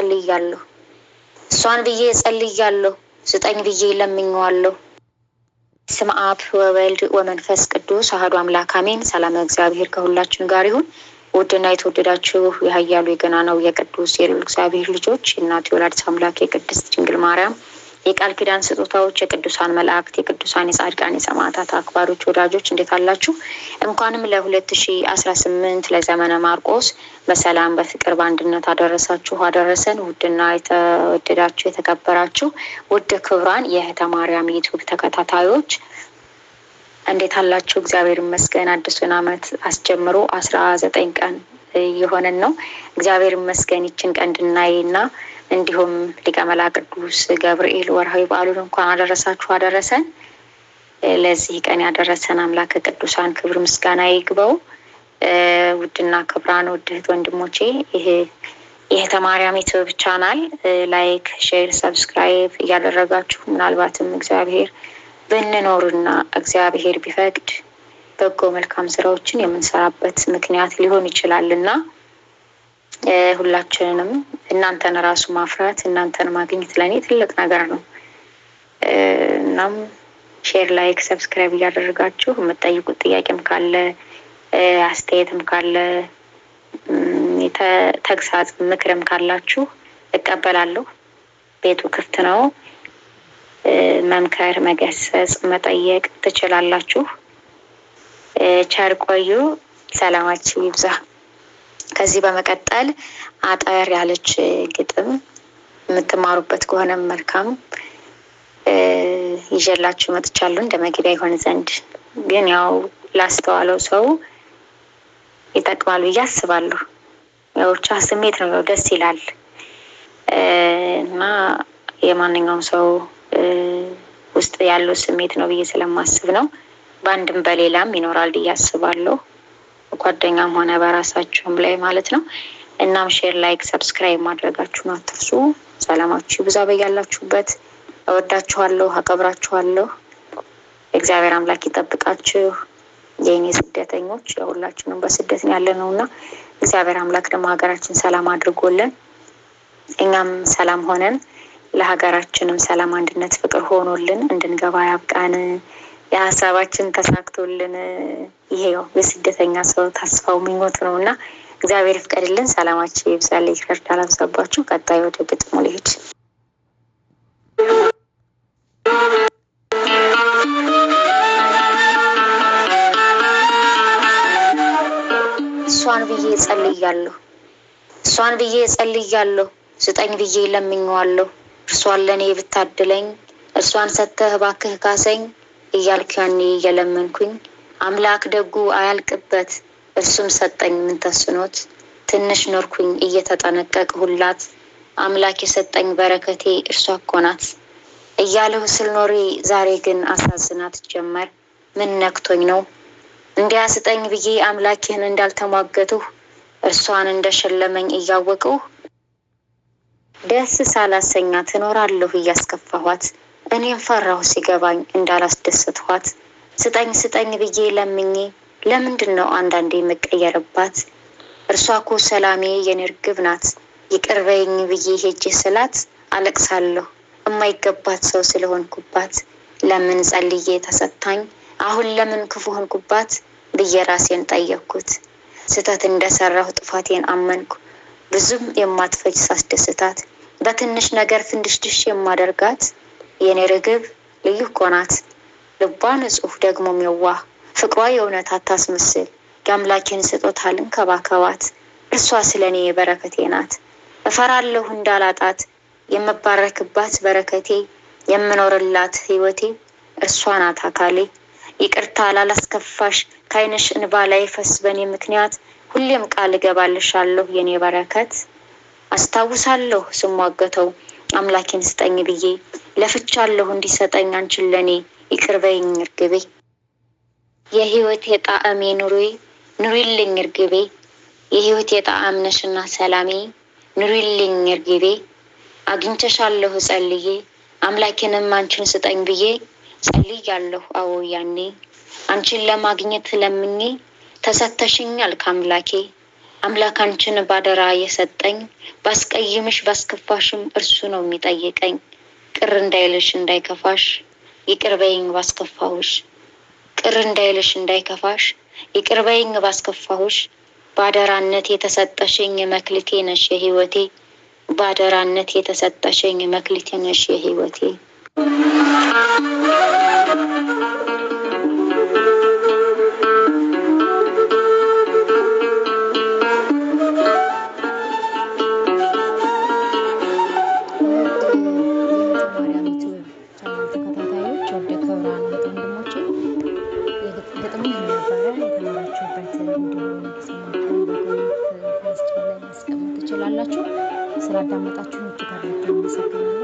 ጸልያለሁ። እሷን ብዬ ጸልያለሁ። ስጠኝ ብዬ ለምኘዋለሁ። ስም አብ ወወልድ ወመንፈስ ቅዱስ አህዱ አምላክ አሜን። ሰላም እግዚአብሔር ከሁላችን ጋር ይሁን። ውድና የተወደዳችሁ የሀያሉ ነው የቅዱስ የልዑል እግዚአብሔር ልጆች እናት የወላዲተ አምላክ የቅድስት ድንግል ማርያም የቃል ኪዳን ስጦታዎች የቅዱሳን መላእክት፣ የቅዱሳን የጻድቃን፣ የሰማዕታት አክባሮች፣ ወዳጆች እንዴት አላችሁ? እንኳንም ለሁለት ሺ አስራ ስምንት ለዘመነ ማርቆስ በሰላም በፍቅር በአንድነት አደረሳችሁ አደረሰን። ውድና የተወደዳችሁ የተከበራችሁ ውድ ክብራን የእህተ ማርያም ዩቱብ ተከታታዮች እንዴት አላችሁ? እግዚአብሔር ይመስገን አዲሱን ዓመት አስጀምሮ አስራ ዘጠኝ ቀን የሆነን ነው። እግዚአብሔር ይመስገን ይችን ቀን እንድናይና እንዲሁም ሊቀ ቅዱስ ገብርኤል ወርሃዊ በዓሉን እንኳን አደረሳችሁ አደረሰን። ለዚህ ቀን ያደረሰን አምላክ ቅዱሳን ክብር ምስጋና ይግባው። ውድና ክብራን ውድ እህት ወንድሞቼ ይህ የእህተ ማርያም ቻናል ላይክ፣ ሼር፣ ሰብስክራይብ እያደረጋችሁ ምናልባትም እግዚአብሔር ብንኖርና እግዚአብሔር ቢፈቅድ በጎ መልካም ስራዎችን የምንሰራበት ምክንያት ሊሆን ይችላል እና ሁላችንንም እናንተን ራሱ ማፍራት እናንተን ማግኘት ለእኔ ትልቅ ነገር ነው። እናም ሼር፣ ላይክ፣ ሰብስክራይብ እያደረጋችሁ የምትጠይቁት ጥያቄም ካለ አስተያየትም ካለ ተግሳጽ ምክርም ካላችሁ እቀበላለሁ። ቤቱ ክፍት ነው። መምከር፣ መገሰጽ፣ መጠየቅ ትችላላችሁ። ቸር ቆዩ። ሰላማችሁ ይብዛ። ከዚህ በመቀጠል አጠር ያለች ግጥም የምትማሩበት ከሆነ መልካም ይዤላችሁ መጥቻለሁ፣ እንደ መግቢያ ይሆን ዘንድ ግን ያው ላስተዋለው ሰው ይጠቅማል ብዬ አስባለሁ። የውቻ ስሜት ነው፣ ደስ ይላል እና የማንኛውም ሰው ውስጥ ያለው ስሜት ነው ብዬ ስለማስብ ነው። በአንድም በሌላም ይኖራል ብዬ አስባለሁ፣ ጓደኛም ሆነ በራሳችሁም ላይ ማለት ነው። እናም ሼር፣ ላይክ፣ ሰብስክራይብ ማድረጋችሁን አትርሱ። ሰላማችሁ ብዛ በያላችሁበት። እወዳችኋለሁ፣ አከብራችኋለሁ። እግዚአብሔር አምላክ ይጠብቃችሁ። የእኔ ስደተኞች የሁላችንም በስደት ያለ ነው እና እግዚአብሔር አምላክ ደግሞ ሀገራችን ሰላም አድርጎልን እኛም ሰላም ሆነን ለሀገራችንም ሰላም፣ አንድነት፣ ፍቅር ሆኖልን እንድንገባ ያብቃን። የሀሳባችን ተሳክቶልን ይሄው የስደተኛ ሰው ተስፋው ምኞት ነው እና እግዚአብሔር ፍቀድልን። ሰላማችሁ ይብዛል። ይቅርታ ላልሰባችሁ። ቀጣይ ወደ ግጥሙ ልሄድ። እሷን ብዬ ጸልያለሁ፣ እሷን ብዬ ጸልያለሁ፣ ስጠኝ ብዬ ለምኜዋለሁ። እርሷን ለእኔ ብታድለኝ፣ እርሷን ሰጥተህ እባክህ ካሰኝ እያልኩ ያኔ እየለመንኩኝ አምላክ ደጉ አያልቅበት እርሱም ሰጠኝ ምን ተስኖት ትንሽ ኖርኩኝ እየተጠነቀቅ ሁላት አምላክ የሰጠኝ በረከቴ እርሷ እኮ ናት እያለሁ ስልኖሪ ዛሬ ግን አሳዝናት ጀመር። ምን ነክቶኝ ነው እንዲያስጠኝ ብዬ አምላኬን እንዳልተሟገትሁ እርሷን እንደሸለመኝ እያወቅሁ ደስ ሳላሰኛ ትኖራለሁ እያስከፋኋት እኔም ፈራሁ ሲገባኝ እንዳላስደሰትኋት ስጠኝ ስጠኝ ብዬ ለምኜ ለምንድን ነው አንዳንዴ የምቀየርባት? እርሷ እኮ ሰላሜ የኔ ርግብ ናት። ይቅር በይኝ ብዬ ሄጄ ስላት አለቅሳለሁ የማይገባት ሰው ስለሆንኩባት። ለምን ጸልዬ ተሰታኝ አሁን ለምን ክፉ ሆንኩባት ብዬ ራሴን ጠየቅኩት። ስህተት እንደሰራሁ ጥፋቴን አመንኩ። ብዙም የማትፈጅ ሳስደስታት፣ በትንሽ ነገር ፍንድሽድሽ የማደርጋት የኔ ርግብ ልዩ እኮ ናት። ልቧ ንጹሕ ደግሞ የዋህ ፍቅሯ የእውነት አታስመስል። የአምላኬን ስጦታ ልንከባከባት፣ እርሷ ስለ እኔ የበረከቴ ናት። እፈራለሁ እንዳላጣት የምባረክባት በረከቴ፣ የምኖርላት ህይወቴ እርሷ ናት አካሌ። ይቅርታ ላላስከፋሽ ከዓይንሽ እንባ ላይ ፈስ በእኔ ምክንያት ሁሌም ቃል እገባልሻለሁ የኔ በረከት አስታውሳለሁ ስሟገተው አምላኬን ስጠኝ ብዬ ለፍቻለሁ እንዲሰጠኝ አንቺን ለእኔ ይቅርበኝ እርግቤ። የህይወት የጣዕሜ ኑሪ ኑሪልኝ እርግቤ የህይወት የጣዕም ነሽና ሰላሜ ኑሪልኝ እርግቤ። አግኝቸሻለሁ ጸልዬ አምላኬንም አንቺን ስጠኝ ብዬ ጸልያለሁ አዎ ያኔ አንቺን ለማግኘት ለምኜ ተሰተሽኛል ከአምላኬ አምላክ አንቺን ባደራ የሰጠኝ ባስቀይምሽ ባስከፋሽም እርሱ ነው የሚጠይቀኝ። ቅር እንዳይልሽ እንዳይከፋሽ ይቅርበይኝ ባስከፋሁሽ። ቅር እንዳይልሽ እንዳይከፋሽ ይቅርበይኝ ባስከፋሁሽ። ባደራነት የተሰጠሽኝ መክሊቴ ነሽ የህይወቴ ባደራነት የተሰጠሽኝ መክሊቴ ነሽ የህይወቴ ስላላችሁ ስላዳመጣችሁ እጅግ አድርጌ አመሰግናለሁ።